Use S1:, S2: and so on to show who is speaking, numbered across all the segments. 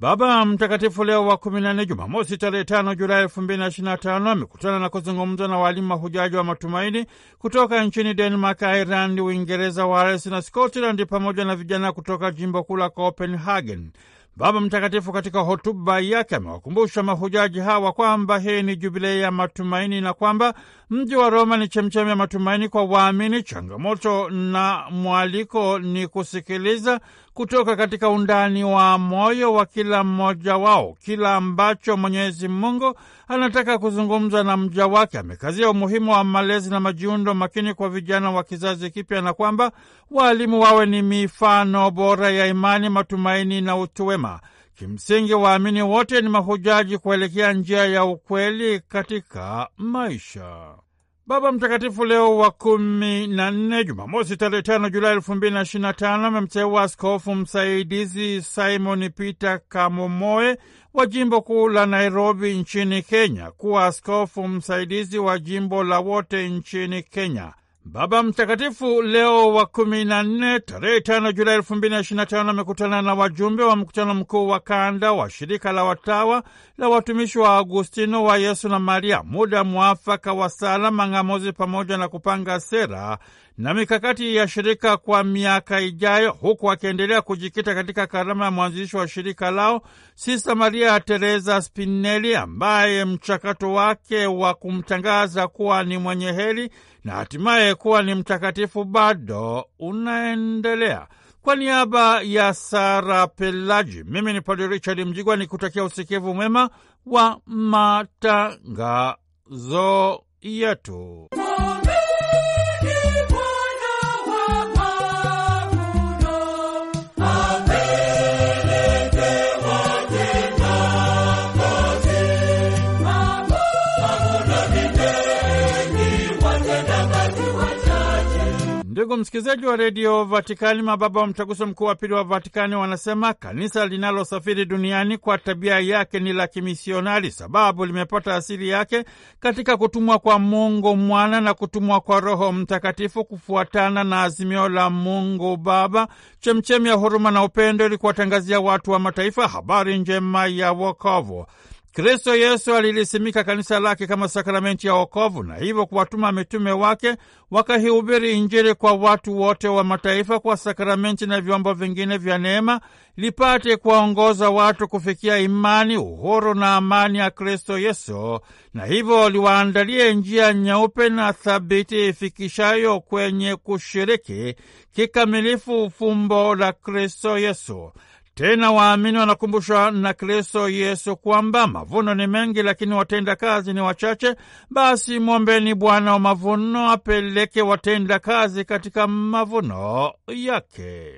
S1: Baba Mtakatifu Leo wa kumi nane Jumamosi tarehe tano Julai elfu mbili na ishirini na tano amekutana na kuzungumza na walimu mahujaji wa matumaini kutoka nchini Denmark, Irland, Uingereza, Wales na Scotland pamoja na vijana kutoka jimbo kuu la Copenhagen. Baba Mtakatifu katika hotuba yake amewakumbusha mahujaji hawa kwamba hii ni jubilei ya matumaini na kwamba Mji wa Roma ni chemchemi ya matumaini kwa waamini. Changamoto na mwaliko ni kusikiliza kutoka katika undani wa moyo wa kila mmoja wao kila ambacho Mwenyezi Mungu anataka kuzungumza na mja wake. Amekazia umuhimu wa malezi na majiundo makini kwa vijana wa kizazi kipya, na kwamba waalimu wawe ni mifano bora ya imani, matumaini na utu wema. Kimsingi waamini wote ni mahujaji kuelekea njia ya ukweli katika maisha. Baba Mtakatifu Leo wa kumi na nne, Jumamosi tarehe tano Julai elfu mbili na ishirini na tano amemteua askofu msaidizi Simon Peter Kamomoe wa jimbo kuu la Nairobi nchini Kenya kuwa askofu msaidizi wa jimbo la wote nchini Kenya. Baba Mtakatifu Leo wa kumi na nne tarehe tano Julai elfu mbili na na tano amekutana na wajumbe wa mkutano mkuu wa kanda wa shirika la watawa la watumishi wa Agustino wa Yesu na Maria, muda mwafaka wa sala, mang'amuzi pamoja na kupanga sera na mikakati ya shirika kwa miaka ijayo, huku akiendelea kujikita katika karama ya mwanzilishi wa shirika lao Sista Maria Teresa Spinelli, ambaye mchakato wake wa kumtangaza kuwa ni mwenye heri na hatimaye kuwa ni mtakatifu bado unaendelea. Kwa niaba ya Sara Pelaji, mimi ni Padre Richard Mjigwa ni kutakia usikivu mwema wa matangazo yetu. Ndugu msikilizaji wa redio Vatikani, mababa wa mtaguso mkuu wa pili wa Vatikani wanasema kanisa linalosafiri duniani kwa tabia yake ni la kimisionari, sababu limepata asili yake katika kutumwa kwa Mungu Mwana na kutumwa kwa Roho Mtakatifu kufuatana na azimio la Mungu Baba, chemchemi ya huruma na upendo, ili kuwatangazia watu wa mataifa habari njema ya wokovu. Kristo Yesu alilisimika kanisa lake kama sakramenti ya wokovu na hivyo kuwatuma mitume wake wakahiubiri Injili kwa watu wote wa mataifa kwa sakramenti na vyombo vingine vya neema, lipate kuwaongoza watu kufikia imani, uhuru na amani ya Kristo Yesu, na hivyo liwaandalie njia nyeupe na thabiti ifikishayo kwenye kushiriki kikamilifu fumbo la Kristo Yesu. Tena waamini wanakumbushwa na Kristo Yesu kwamba mavuno ni mengi, lakini watenda kazi ni wachache. Basi mwombeni Bwana wa mavuno apeleke watenda kazi katika mavuno yake.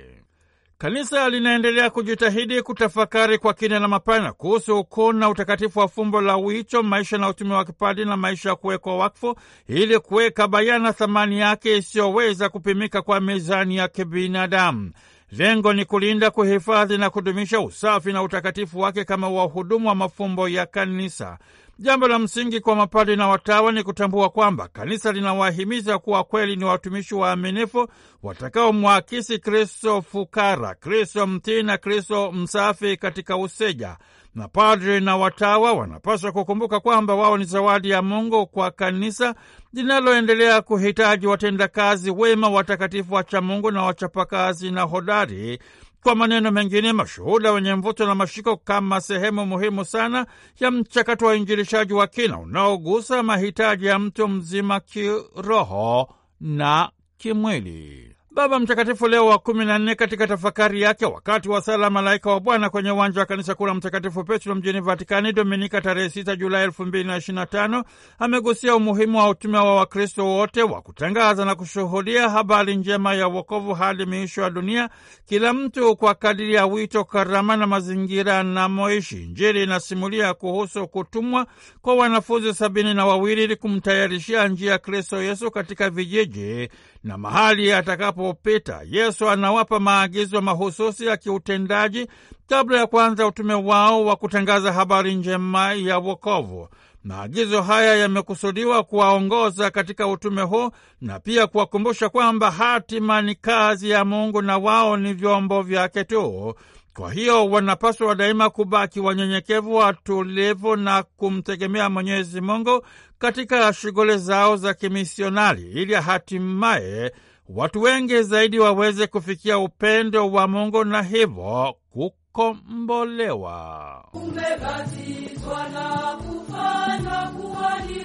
S1: Kanisa linaendelea kujitahidi kutafakari kwa kina na mapana kuhusu ukuu na utakatifu wa fumbo la wicho, maisha na utumi wa kipadi na maisha ya kuwekwa wakfu, ili kuweka bayana thamani yake isiyoweza kupimika kwa mizani ya kibinadamu. Lengo ni kulinda, kuhifadhi na kudumisha usafi na utakatifu wake kama wahudumu wa mafumbo ya kanisa. Jambo la msingi kwa mapadri na watawa ni kutambua kwamba kanisa linawahimiza kuwa kweli ni watumishi waaminifu watakaomwakisi Kristo fukara, Kristo mtii na Kristo msafi katika useja. Mapadri na watawa wanapaswa kukumbuka kwamba wao ni zawadi ya Mungu kwa kanisa linaloendelea kuhitaji watendakazi wema, watakatifu, wachamungu na wachapakazi na hodari. Kwa maneno mengine, mashuhuda wenye mvuto na mashiko kama sehemu muhimu sana ya mchakato wa uinjilishaji wa kina unaogusa mahitaji ya mtu mzima kiroho na kimwili. Baba Mtakatifu Leo wa kumi na nne katika tafakari yake wakati wa sala Malaika wa Bwana kwenye uwanja wa kanisa kuu la Mtakatifu Petro mjini Vatikani Dominika tarehe 6 Julai tano amegusia umuhimu wa utume wa Wakristo wote wa kutangaza na kushuhudia habari njema ya wokovu hadi miisho ya dunia, kila mtu kwa kadiri ya wito, karama na mazingira anamoishi. Injili inasimulia kuhusu kutumwa kwa wanafunzi sabini na wawili ili kumtayarishia njia ya Kristo Yesu katika vijiji na mahali atakapo unapopita. Yesu anawapa maagizo mahususi ya kiutendaji kabla ya kuanza utume wao wa kutangaza habari njema ya wokovu. Maagizo haya yamekusudiwa kuwaongoza katika utume huu na pia kuwakumbusha kwamba hatima ni kazi ya Mungu na wao ni vyombo vyake tu. Kwa hiyo wanapaswa daima kubaki wanyenyekevu, watulivu na kumtegemea Mwenyezi Mungu katika shughuli zao za kimisionari ili hatimaye watu wengi zaidi waweze kufikia upendo wa Mungu na hivyo kukombolewa.
S2: Umebatizwa na kufanywa kuwa ni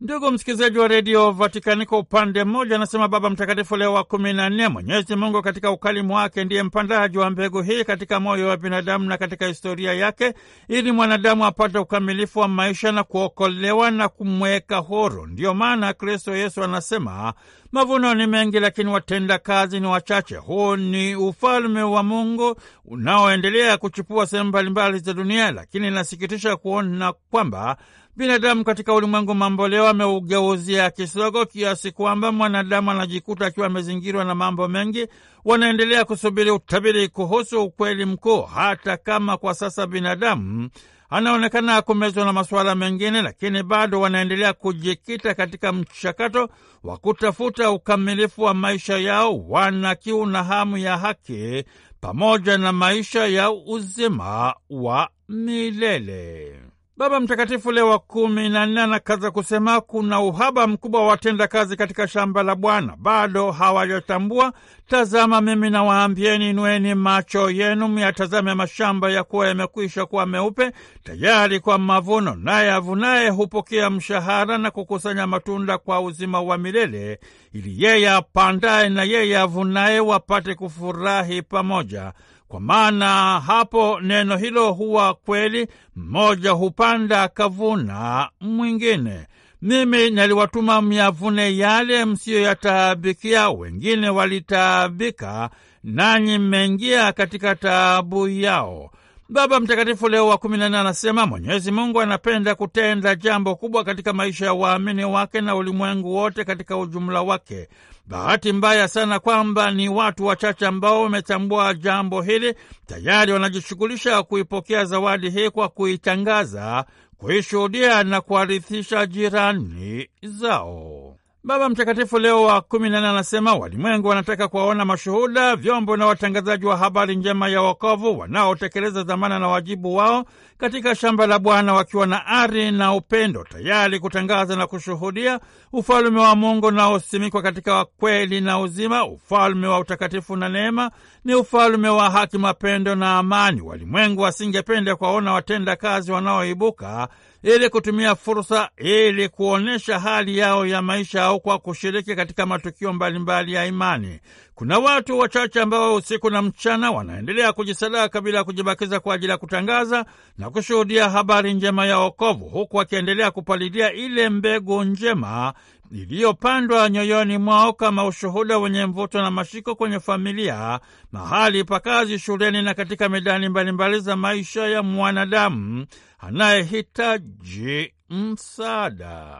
S1: Ndugu msikilizaji wa redio Vatikani, kwa upande mmoja anasema Baba Mtakatifu Leo wa kumi na nne, Mwenyezi Mungu katika ukalimu wake ndiye mpandaji wa mbegu hii katika moyo wa binadamu na katika historia yake, ili mwanadamu apate ukamilifu wa maisha na kuokolewa na kumweka huru. Ndiyo maana Kristo Yesu anasema Mavuno ni mengi, lakini watenda kazi ni wachache. Huu ni ufalme wa Mungu unaoendelea kuchipua sehemu mbalimbali za dunia, lakini inasikitisha kuona kwamba binadamu katika ulimwengu mambo leo ameugeuzia kisogo kiasi kwamba mwanadamu anajikuta akiwa amezingirwa na mambo mengi. Wanaendelea kusubiri utabiri kuhusu ukweli mkuu, hata kama kwa sasa binadamu anaonekana kumezwa na masuala mengine, lakini bado wanaendelea kujikita katika mchakato wa kutafuta ukamilifu wa maisha yao. Wana kiu na hamu ya haki pamoja na maisha ya uzima wa milele. Baba Mtakatifu Leo wa kumi na nne anakaza kusema kuna uhaba mkubwa wa watenda kazi katika shamba la Bwana, bado hawajatambua. Tazama, mimi nawaambieni, inueni macho yenu myatazame mashamba ya kuwa yamekwisha kuwa meupe tayari kwa mavuno, naye avunaye hupokea mshahara na kukusanya matunda kwa uzima wa milele, ili yeye apandaye na yeye avunaye wapate kufurahi pamoja. Kwa maana hapo neno hilo huwa kweli, mmoja hupanda akavuna mwingine. Mimi naliwatuma myavune yale msiyoyataabikia, wengine walitaabika, nanyi mmeingia katika taabu yao. Baba Mtakatifu Leo wa kumi na nne anasema Mwenyezi Mungu anapenda kutenda jambo kubwa katika maisha ya waamini wake na ulimwengu wote katika ujumla wake. Bahati mbaya sana kwamba ni watu wachache ambao wametambua jambo hili, tayari wanajishughulisha kuipokea zawadi hii kwa kuitangaza, kuishuhudia na kuharithisha jirani zao. Baba Mtakatifu Leo wa kumi anasema walimwengu wanataka kuwaona mashuhuda, vyombo na watangazaji wa habari njema ya wokovu wanaotekeleza dhamana na wajibu wao katika shamba la Bwana wakiwa na ari na upendo, tayari kutangaza na kushuhudia ufalme wa Mungu unaosimikwa katika kweli na uzima. Ufalme wa utakatifu na neema ni ufalme wa haki, mapendo na amani. Walimwengu wasingependa kuwaona watenda kazi wanaoibuka ili kutumia fursa ili kuonyesha hali yao ya maisha au kwa kushiriki katika matukio mbalimbali ya imani. Kuna watu wachache ambao usiku na mchana wanaendelea kujisadaka bila kujibakiza kwa ajili ya kutangaza na kushuhudia habari njema ya wokovu, huku wakiendelea kupalilia ile mbegu njema iliyopandwa nyoyoni mwao kama ushuhuda wenye mvuto na mashiko kwenye familia, mahali pa kazi, shuleni na katika medani mbalimbali za maisha ya mwanadamu anayehitaji msaada.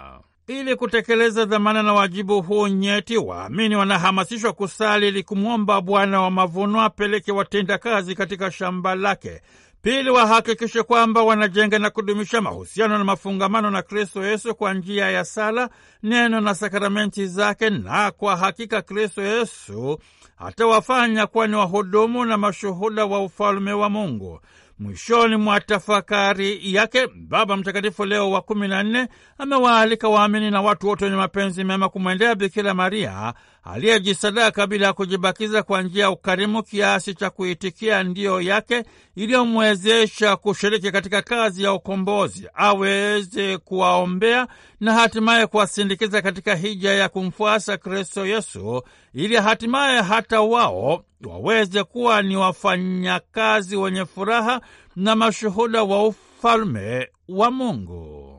S1: Ili kutekeleza dhamana na wajibu huu nyeti, waamini wanahamasishwa kusali ili kumwomba Bwana wa mavuno apeleke watendakazi katika shamba lake. Pili, wahakikishe kwamba wanajenga na kudumisha mahusiano na mafungamano na Kristo Yesu kwa njia ya sala, neno na sakramenti zake, na kwa hakika Kristo Yesu atawafanya kuwa ni wahudumu na mashuhuda wa ufalume wa Mungu. Mwishoni mwa tafakari yake, Baba Mtakatifu Leo wa kumi na nne amewaalika waamini na watu wote wenye mapenzi mema kumwendea Bikira Maria aliyejisadaka bila kujibakiza kwa njia ya ukarimu kiasi cha kuitikia ndiyo yake iliyomwezesha kushiriki katika kazi ya ukombozi, aweze kuwaombea na hatimaye kuwasindikiza katika hija ya kumfuasa Kristo Yesu, ili hatimaye hata wao waweze kuwa ni wafanyakazi wenye furaha na mashuhuda wa ufalme wa Mungu.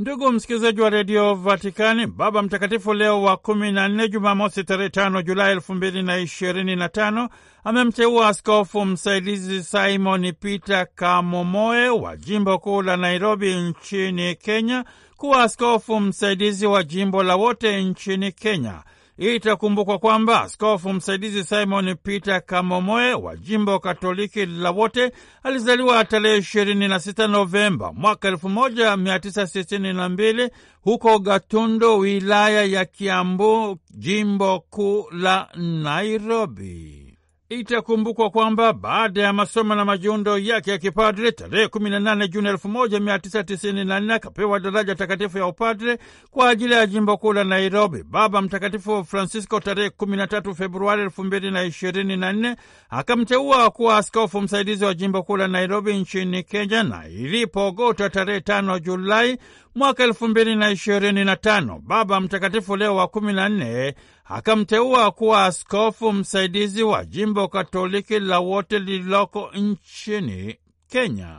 S1: Ndugu msikilizaji wa redio Vatikani, Baba Mtakatifu Leo wa kumi na nne, Jumamosi tarehe tano Julai elfu mbili na ishirini na tano amemteua askofu msaidizi Simon Peter Kamomoe wa jimbo kuu la Nairobi nchini Kenya kuwa askofu msaidizi wa jimbo la wote nchini Kenya. Itakumbukwa kwamba askofu msaidizi Simon Peter Kamomoe wa jimbo Katoliki la Wote alizaliwa tarehe 26 Novemba mwaka 1962 huko gatundo wilaya ya Kiambu, jimbo kuu la Nairobi. Itakumbukwa kwamba baada ya masomo na majiundo yake ya kipadre, tarehe 18 Juni 1994 akapewa daraja takatifu ya upadre kwa ajili ya jimbo kuu la Nairobi. Baba Mtakatifu Francisco tarehe 13 Februari 2024 akamteua kuwa askofu msaidizi wa jimbo kuu la Nairobi nchini Kenya, na ilipogota tarehe 5 Julai mwaka 2025 Baba Mtakatifu Leo wa 14 akamteua kuwa askofu msaidizi wa jimbo katoliki la wote lililoko nchini Kenya.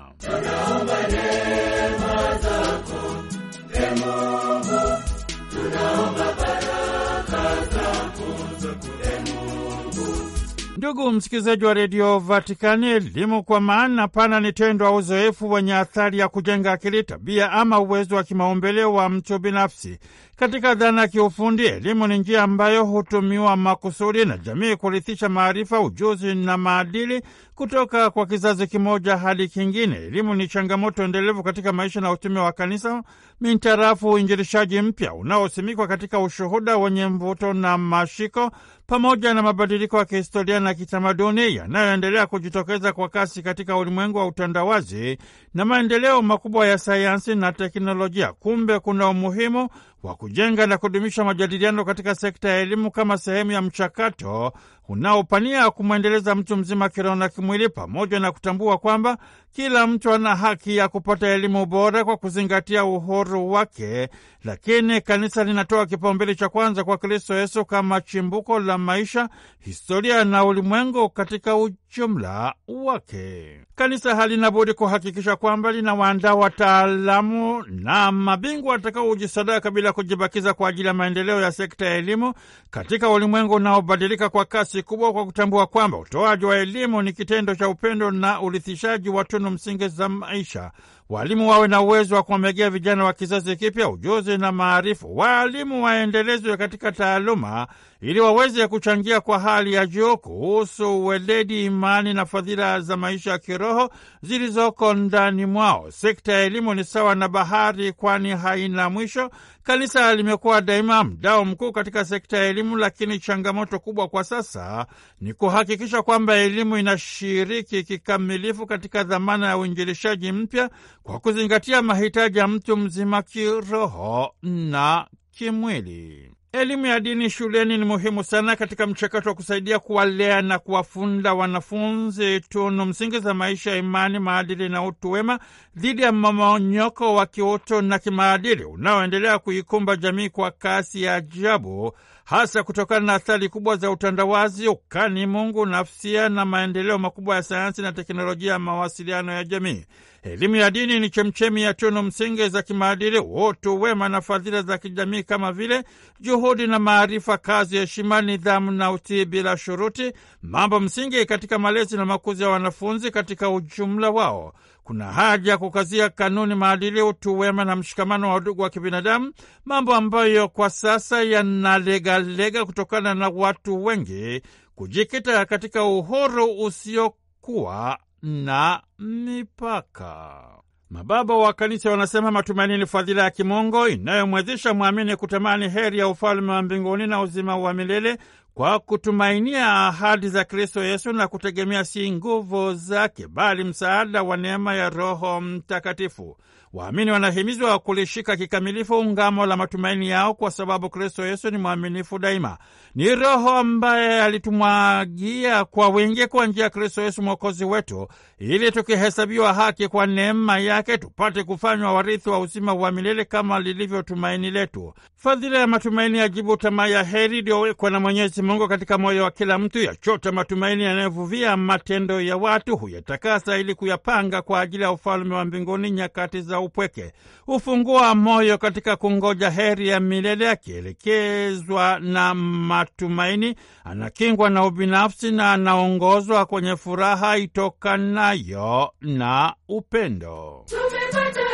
S1: Ndugu msikilizaji wa redio Vatikani, elimu kwa maana pana ni tendo au uzoefu wenye athari ya kujenga akili, tabia ama uwezo wa kimaumbele wa mtu binafsi. Katika dhana ya kiufundi, elimu ni njia ambayo hutumiwa makusudi na jamii kurithisha maarifa, ujuzi na maadili kutoka kwa kizazi kimoja hadi kingine. Elimu ni changamoto endelevu katika maisha na utume wa kanisa mintarafu uinjirishaji mpya unaosimikwa katika ushuhuda wenye mvuto na mashiko pamoja na mabadiliko ya kihistoria na kitamaduni yanayoendelea kujitokeza kwa kasi katika ulimwengu wa utandawazi na maendeleo makubwa ya sayansi na teknolojia. Kumbe kuna umuhimu wa kujenga na kudumisha majadiliano katika sekta ya elimu kama sehemu ya mchakato unaopania kumwendeleza mtu mzima kiroho na kimwili, pamoja na kutambua kwamba kila mtu ana haki ya kupata elimu bora kwa kuzingatia uhuru wake. Lakini kanisa linatoa kipaumbele cha kwanza kwa Kristo Yesu kama chimbuko la maisha, historia na ulimwengu katika ujumla
S2: wake.
S1: Kanisa halina budi kuhakikisha kwamba linawaandaa wataalamu na mabingwa watakaojisadaka bila kujibakiza kwa ajili ya maendeleo ya sekta ya elimu katika ulimwengu unaobadilika kwa kasi kubwa kwa kutambua kwamba utoaji wa elimu ni kitendo cha upendo na urithishaji wa tunu msingi za maisha. Walimu wawe na uwezo wa kuwamegea vijana wa kizazi kipya ujuzi na maarifa. Waalimu waendelezwe katika taaluma ili waweze kuchangia kwa hali ya juu kuhusu uweledi, imani na fadhila za maisha ya kiroho zilizoko ndani mwao. Sekta ya elimu ni sawa na bahari, kwani haina mwisho. Kanisa limekuwa daima mdao mkuu katika sekta ya elimu, lakini changamoto kubwa kwa sasa ni kuhakikisha kwamba elimu inashiriki kikamilifu katika dhamana ya uinjilishaji mpya kwa kuzingatia mahitaji ya mtu mzima kiroho na kimwili. Elimu ya dini shuleni ni muhimu sana katika mchakato wa kusaidia kuwalea na kuwafunda wanafunzi tunu msingi za maisha ya imani, maadili na utu wema dhidi ya mamonyoko wa kiuto na kimaadili unaoendelea kuikumba jamii kwa kasi ya ajabu, hasa kutokana na athari kubwa za utandawazi, ukani mungu, nafsia na maendeleo makubwa ya sayansi na teknolojia ya mawasiliano ya jamii. Elimu ya dini ni chemchemi ya tunu msingi za kimaadili, utu wema na fadhila za kijamii kama vile juhudi na maarifa, kazi, heshima, nidhamu na utii bila shuruti, mambo msingi katika malezi na makuzi ya wanafunzi katika ujumla wao. Kuna haja ya kukazia kanuni, maadili, utu wema na mshikamano wa udugu wa kibinadamu, mambo ambayo kwa sasa yanalegalega kutokana na watu wengi kujikita katika uhuru usiokuwa na mipaka. Mababa wa Kanisa wanasema matumaini ni fadhila ya kimongo inayomwezesha mwamini kutamani heri ya ufalme wa mbinguni na uzima wa milele kwa kutumainia ahadi za Kristo Yesu na kutegemea si nguvu zake, bali msaada wa neema ya Roho Mtakatifu. Waamini wanahimizwa kulishika kikamilifu ngamo la matumaini yao, kwa sababu Kristo Yesu ni mwaminifu daima. Ni Roho ambaye alitumwagia kwa wingi kwa njia ya Kristo Yesu Mwokozi wetu, ili tukihesabiwa haki kwa neema yake tupate kufanywa warithi wa uzima wa milele, kama lilivyo tumaini letu. Fadhila ya matumaini yajibu tamaa ya heri iliyowekwa na Mwenyezi Mungu katika moyo wa kila mtu, yachota matumaini yanayovuvia matendo ya watu, huyatakasa ili kuyapanga kwa ajili ya ufalme wa mbinguni nyakati za upweke, hufungua moyo katika kungoja heri ya milele. Akielekezwa na matumaini, anakingwa na ubinafsi na anaongozwa kwenye furaha itokanayo na upendo.
S2: Tumepata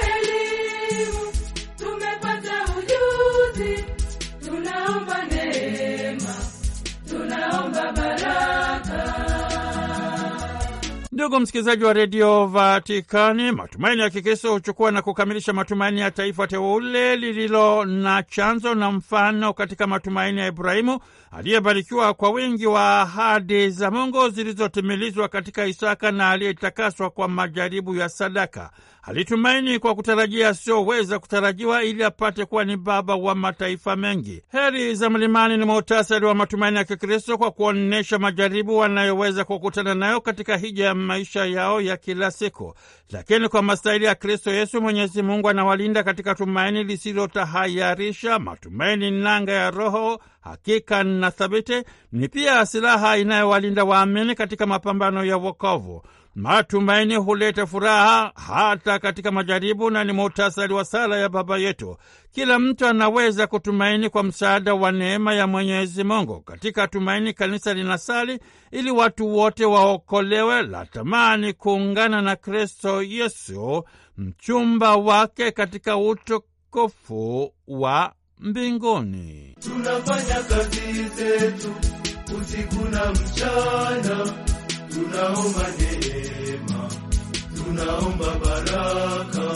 S1: Ndugu msikilizaji wa redio Vatikani, matumaini ya Kikristo huchukua na kukamilisha matumaini ya taifa teule lililo na chanzo na mfano katika matumaini ya Ibrahimu aliyebarikiwa kwa wingi wa ahadi za Mungu zilizotimilizwa katika Isaka na aliyetakaswa kwa majaribu ya sadaka alitumaini kwa kutarajia asiyoweza kutarajiwa, ili apate kuwa ni baba wa mataifa mengi. Heri za Mlimani ni muhtasari wa matumaini ya Kikristo kwa kuonyesha majaribu wanayoweza kukutana nayo katika hija ya maisha yao ya kila siku, lakini kwa mastahili ya Kristo Yesu, Mwenyezi Mungu anawalinda katika tumaini lisilotahayarisha, matumaini nanga ya Roho hakika na thabiti, ni pia silaha inayowalinda waamini katika mapambano ya wokovu. Matumaini huleta furaha hata katika majaribu na ni muhtasari wa sala ya Baba yetu. Kila mtu anaweza kutumaini kwa msaada wa neema ya Mwenyezi Mungu. Katika tumaini, kanisa linasali ili watu wote waokolewe, la tamani kuungana na Kristo Yesu mchumba wake katika utukufu wa mbinguni.
S2: Tunafanya kazi zetu usiku na mchana tunaomba neema, tunaomba baraka.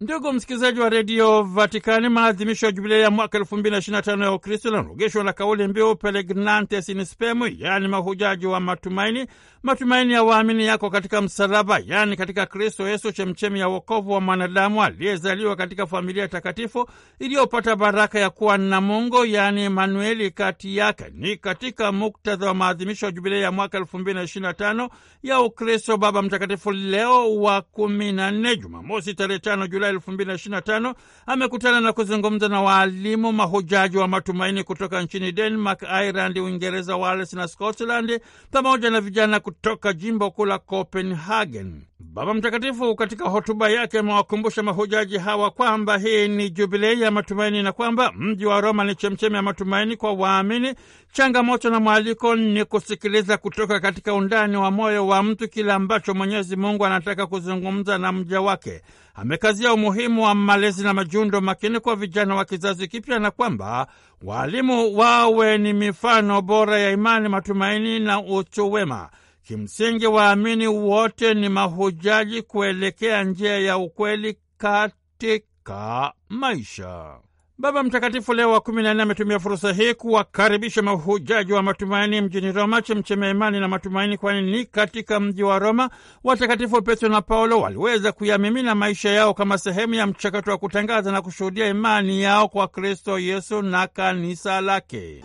S1: Ndugu msikilizaji wa redio Vatikani, maadhimisho ya jubilei ya mwaka elfu mbili na ishirini na tano ya Ukristo yanarogeshwa na kauli mbiu Peregrinantes in Spem, yaani mahujaji wa matumaini, Matumaini ya waamini yako katika msalaba, yaani katika Kristo Yesu, chemchemi ya wokovu wa mwanadamu aliyezaliwa katika familia takatifu iliyopata baraka ya kuwa na Mungu, yaani Emanueli kati yake. Ni katika muktadha wa maadhimisho ya jubilei ya mwaka elfu mbili na ishirini na tano ya Ukristo Baba Mtakatifu Leo wa kumi na nne, Jumamosi tarehe tano Julai elfu mbili na ishirini na tano amekutana na kuzungumza na waalimu mahujaji wa matumaini kutoka nchini Denmark, Ireland, Uingereza, Wales na Scotland pamoja na vijana kutoka jimbo kuu la Copenhagen. Baba Mtakatifu katika hotuba yake amewakumbusha mahujaji hawa kwamba hii ni jubilei ya matumaini na kwamba mji wa Roma ni chemchemi ya matumaini kwa waamini. Changamoto na mwaliko ni kusikiliza kutoka katika undani wa moyo wa mtu kile ambacho Mwenyezi Mungu anataka kuzungumza na mja wake. Amekazia umuhimu wa malezi na majundo makini kwa vijana wa kizazi kipya na kwamba waalimu wawe ni mifano bora ya imani, matumaini na utu wema. Kimsingi waamini wote ni mahujaji kuelekea njia ya ukweli katika maisha. Baba Mtakatifu Leo wa kumi na nne ametumia fursa hii kuwakaribisha mahujaji wa matumaini mjini Roma, chemchemi ya imani na matumaini, kwani ni katika mji wa Roma watakatifu Petro na Paulo waliweza kuyamimina maisha yao kama sehemu ya mchakato wa kutangaza na kushuhudia imani yao kwa Kristo Yesu na kanisa lake.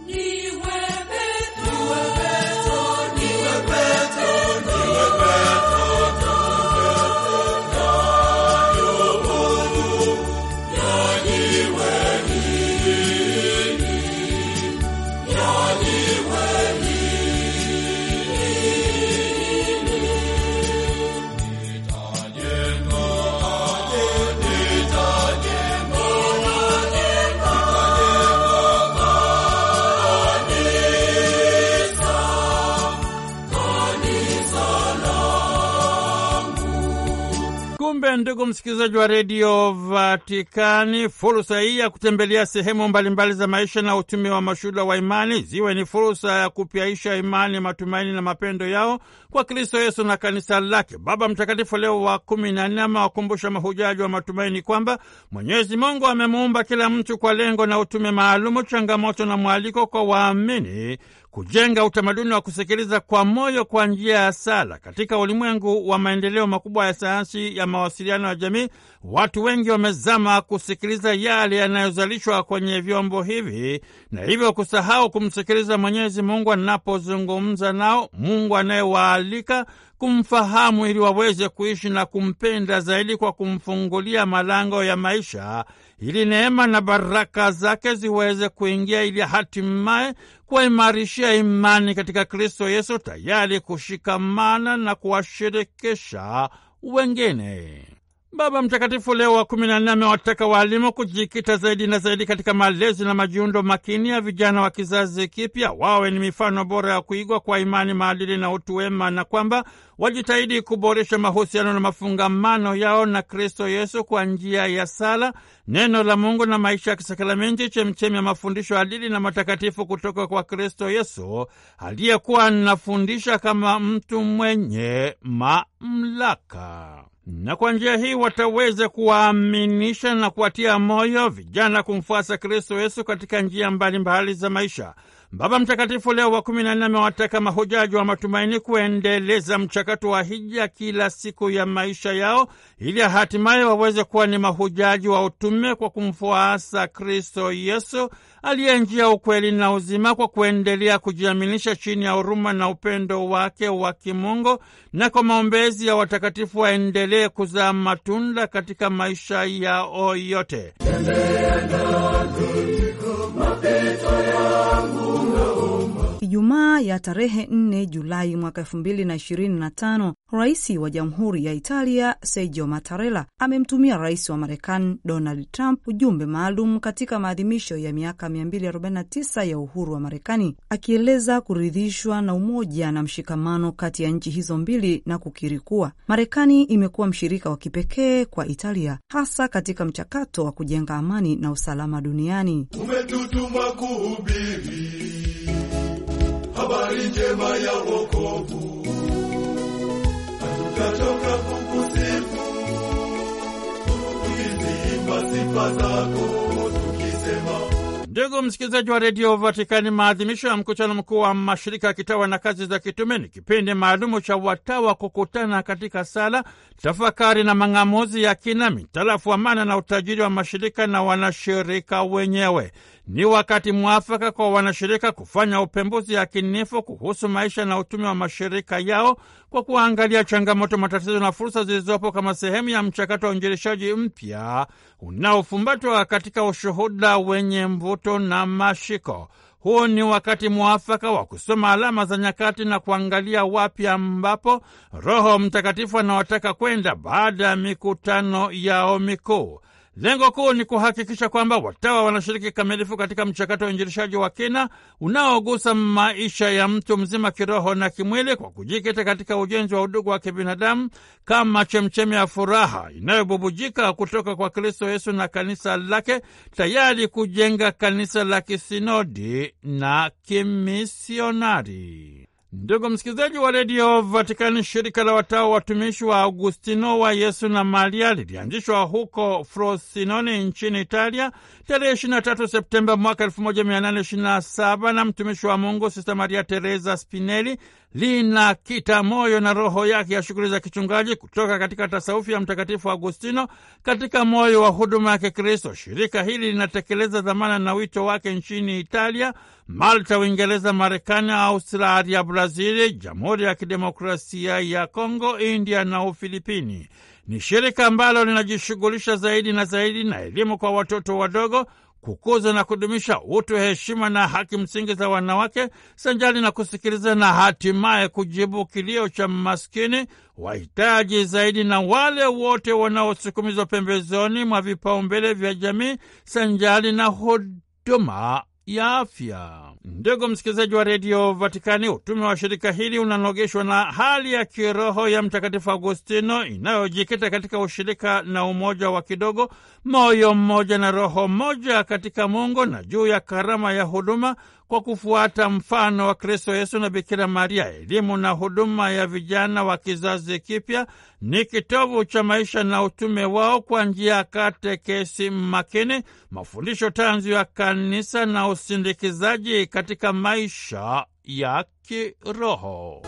S1: ndugu msikilizaji wa redio Vatikani, fursa hii ya kutembelea sehemu mbalimbali za maisha na utume wa mashuhuda wa imani ziwe ni fursa ya kupyaisha imani, matumaini na mapendo yao kwa Kristo Yesu na kanisa lake. Baba Mtakatifu Leo wa kumi na nne amewakumbusha mahujaji wa matumaini kwamba Mwenyezi Mungu amemuumba kila mtu kwa lengo na utume maalumu, changamoto na mwaliko kwa waamini kujenga utamaduni wa kusikiliza kwa moyo kwa njia ya sala. Katika ulimwengu wa maendeleo makubwa ya sayansi ya mawasiliano ya jamii, watu wengi wamezama kusikiliza yale yanayozalishwa kwenye vyombo hivi na hivyo kusahau kumsikiliza Mwenyezi Mungu anapozungumza nao, Mungu anayewaalika kumfahamu ili waweze kuishi na kumpenda zaidi kwa kumfungulia malango ya maisha ili neema na baraka zake ziweze kuingia ili hatimaye kuwaimarishia imani katika Kristo Yesu, tayari kushikamana na kuwashirikisha wengine. Baba Mtakatifu Leo wa kumi na nne amewataka waalimu kujikita zaidi na zaidi katika malezi na majiundo makini ya vijana wa kizazi kipya, wawe ni mifano bora ya kuigwa kwa imani, maadili na utu wema, na kwamba wajitahidi kuboresha mahusiano na mafungamano yao na Kristo Yesu kwa njia ya sala, neno la Mungu na maisha ya kisakramenti, chemchemi ya mafundisho adili na matakatifu kutoka kwa Kristo Yesu aliyekuwa anafundisha kama mtu mwenye mamlaka na kwa njia hii wataweza kuwaaminisha na kuwatia moyo vijana kumfuasa Kristo Yesu katika njia mbalimbali za maisha. Baba Mtakatifu Leo wa kumi na nne amewataka mahujaji wa matumaini kuendeleza mchakato wa hija kila siku ya maisha yao ili hatimaye waweze kuwa ni mahujaji wa utume kwa kumfuasa Kristo Yesu aliye njia, ukweli na uzima, kwa kuendelea kujiaminisha chini ya huruma na upendo wake wa kimungu, na kwa maombezi ya watakatifu waendelee kuzaa matunda katika maisha yao yote.
S2: Ijumaa ya tarehe 4 Julai mwaka 2025, rais wa jamhuri ya Italia Sergio Mattarella amemtumia rais wa Marekani Donald Trump ujumbe maalum katika maadhimisho ya miaka 249 ya uhuru wa Marekani, akieleza kuridhishwa na umoja na mshikamano kati ya nchi hizo mbili na kukiri kuwa Marekani imekuwa mshirika wa kipekee kwa Italia, hasa katika mchakato wa kujenga amani na usalama duniani. kuhubiri habari njema ya wokovu, hatutachoka kukusifu tukiziimba sifa zako tukisema
S1: Ndugu msikilizaji wa redio Vatikani, maadhimisho ya mkutano mkuu wa mashirika ya kitawa na kazi za kitume ni kipindi maalumu cha watawa kukutana katika sala, tafakari na mang'amuzi ya kina, mitarafu amana na utajiri wa mashirika na wanashirika wenyewe. Ni wakati mwafaka kwa wanashirika kufanya upembuzi yakinifu kuhusu maisha na utumi wa mashirika yao kwa kuangalia changamoto, matatizo na fursa zilizopo kama sehemu ya mchakato wa uinjilishaji mpya unaofumbatwa katika ushuhuda wenye mvuto na mashiko. Huu ni wakati mwafaka wa kusoma alama za nyakati na kuangalia wapi ambapo Roho Mtakatifu anawataka kwenda baada ya mikutano yao mikuu. Lengo kuu ni kuhakikisha kwamba watawa wanashiriki kikamilifu katika mchakato wa uinjilishaji wa kina unaogusa maisha ya mtu mzima kiroho na kimwili, kwa kujikita katika ujenzi wa udugu wa kibinadamu kama chemchemi ya furaha inayobubujika kutoka kwa Kristo Yesu na kanisa lake, tayari kujenga kanisa la kisinodi na kimisionari. Ndugu msikilizaji wa redio Vatikani, shirika la watao watumishi wa Augustino wa Yesu na Maria lilianzishwa huko Frosinone nchini Italia tarehe 23 Septemba mwaka 1827 na mtumishi wa Mungu Sista Maria Teresa Spinelli lina kita moyo na roho yake ya shughuli za kichungaji kutoka katika tasawufi ya Mtakatifu Agustino katika moyo wa huduma ya Kikristo. Shirika hili linatekeleza dhamana na wito wake nchini Italia, Malta, Uingereza, Marekani, Australia, Brazili, Jamhuri ya Kidemokrasia ya Kongo, India na Ufilipini. Ni shirika ambalo linajishughulisha zaidi na zaidi na elimu kwa watoto wadogo kukuza na kudumisha utu, heshima na haki msingi za wanawake, sanjali na kusikiliza na hatimaye kujibu kilio cha maskini, wahitaji zaidi na wale wote wanaosukumizwa pembezoni mwa vipaumbele vya jamii, sanjali na huduma ya afya. Ndugu msikilizaji wa redio Vatikani, utume wa shirika hili unanogeshwa na hali ya kiroho ya Mtakatifu Agustino inayojikita katika ushirika na umoja wa kidogo, moyo mmoja na roho moja katika Mungu, na juu ya karama ya huduma kwa kufuata mfano wa Kristo Yesu na Bikira Maria. Elimu na huduma ya vijana wa kizazi kipya ni kitovu cha maisha na utume wao kwa njia ya katekesi makini, mafundisho tanzu ya kanisa na usindikizaji katika maisha ya kiroho.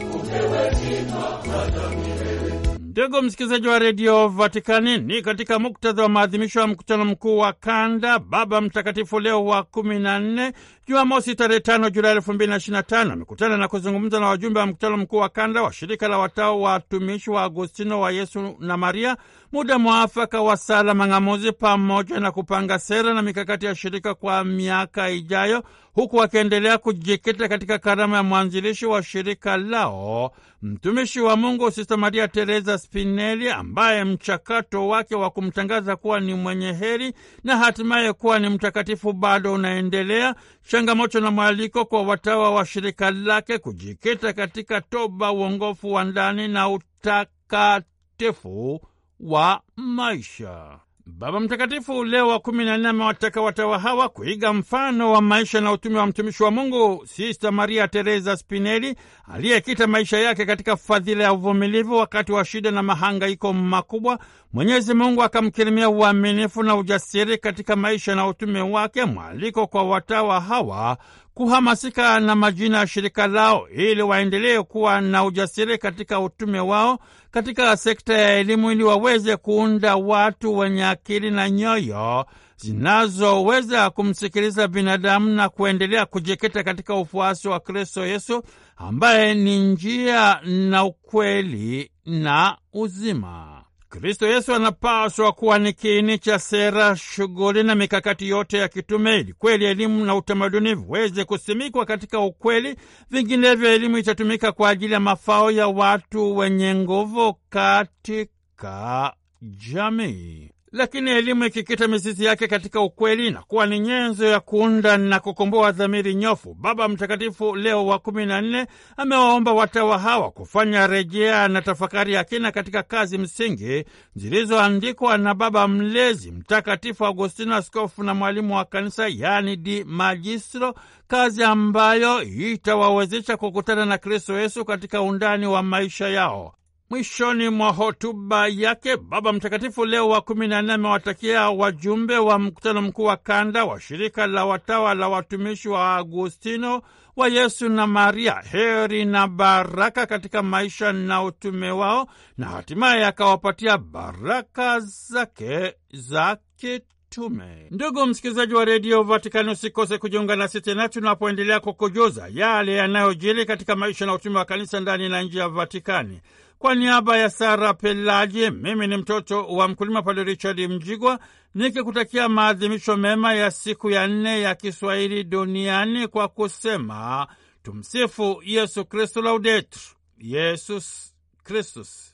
S1: Ndugu msikilizaji wa redio Vatikani, ni katika muktadha wa maadhimisho ya mkutano mkuu wa kanda Baba Mtakatifu Leo wa kumi na nne Jumamosi tarehe tano Julai elfu mbili na ishirini na tano amekutana na kuzungumza na wajumbe wa mkutano mkuu wa kanda wa shirika la watao wa watumishi wa Agostino wa Yesu na Maria, muda mwafaka wa sala mang'amuzi, pamoja na kupanga sera na mikakati ya shirika kwa miaka ijayo, huku wakiendelea kujikita katika karama ya mwanzilishi wa shirika lao, mtumishi wa Mungu Sista Maria Teresa Spinelli, ambaye mchakato wake wa kumtangaza kuwa ni mwenye heri na hatimaye kuwa ni mtakatifu bado unaendelea changamoto na mwaliko kwa watawa wa shirika lake kujikita katika toba, uongofu wa ndani na utakatifu wa maisha. Baba Mtakatifu Leo wa kumi na nne amewataka watawa hawa kuiga mfano wa maisha na utume wa mtumishi wa Mungu Sista Maria Teresa Spinelli aliyekita maisha yake katika fadhila ya uvumilivu wakati wa shida na mahangaiko makubwa. Mwenyezi Mungu akamkirimia uaminifu na ujasiri katika maisha na utume wake, mwaliko kwa watawa hawa kuhamasika na majina ya shirika lao ili waendelee kuwa na ujasiri katika utume wao katika sekta ya elimu ili waweze kuunda watu wenye akili na nyoyo zinazoweza kumsikiliza binadamu na kuendelea kujikita katika ufuasi wa Kristo Yesu ambaye ni njia na ukweli na uzima. Kristo Yesu anapaswa kuwa ni kiini cha sera, shughuli na mikakati yote ya kitume, ili kweli elimu na utamaduni viweze kusimikwa katika ukweli. Vinginevyo elimu itatumika kwa ajili ya mafao ya watu wenye nguvu katika jamii lakini elimu ikikita mizizi yake katika ukweli na kuwa ni nyenzo ya kuunda na kukomboa dhamiri nyofu. Baba Mtakatifu Leo wa kumi na nne amewaomba watawa hawa kufanya rejea na tafakari ya kina katika kazi msingi zilizoandikwa na Baba Mlezi Mtakatifu Agostino, askofu na mwalimu wa Kanisa, yaani Di Magistro, kazi ambayo itawawezesha kukutana na Kristo Yesu katika undani wa maisha yao. Mwishoni mwa hotuba yake, Baba Mtakatifu Leo wa kumi na nne amewatakia wajumbe wa mkutano mkuu wa kanda wa shirika la watawa la watumishi wa Agustino wa Yesu na Maria heri na baraka katika maisha na utume wao, na hatimaye akawapatia baraka zake za kitume. Ndugu msikilizaji wa redio Vatikani, usikose kujiunga nasi tena tunapoendelea kukujuza yale yanayojiri katika maisha na utume wa kanisa ndani na nje ya Vatikani. Kwa niaba ya Sara Pelaji, mimi ni mtoto wa mkulima Padre Richard Mjigwa nikikutakia maadhimisho mema ya siku ya nne ya Kiswahili duniani kwa kusema tumsifu Yesu Kristu, laudetur Yesus Kristus.